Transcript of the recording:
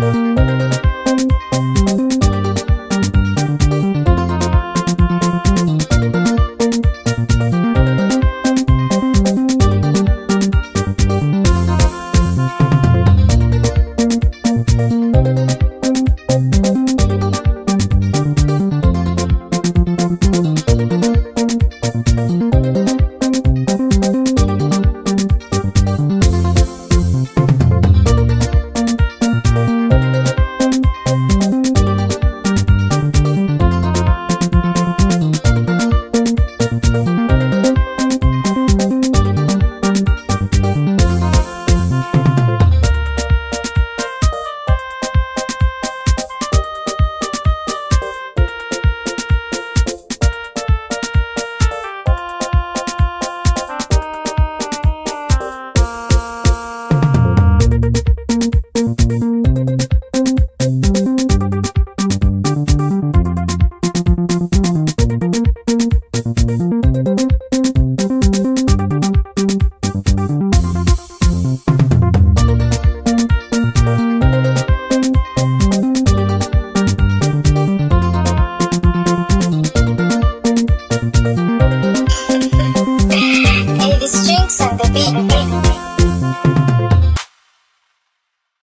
Thank you. Elvis Jinx and the Beat.